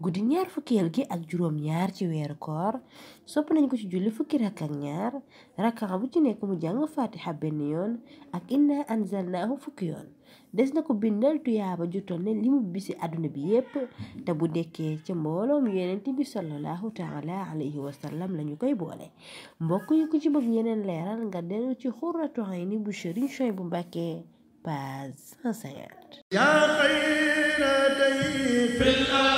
guddi ñaar fukkeel gi ak juróom ñaar ci weeru koor sopp nañ ko ci julli fukki rakk ak ñaar rakka bu ci nekk mu jàng fatiha benn yoon ak inna anzalnaahu fukki yoon des na ko bindal tuyaaba jutoon ne li mu bisi àdduna bi yépp te bu dekkee ca mbooloom yeneen bi sallallahu taala alayhi wa sallam lañu koy boole mbokk yi ku ci bëgg yeneen leeral nga dellu ci xurratu ayni bu Sëriñ Suwaybu Mbàkke page 150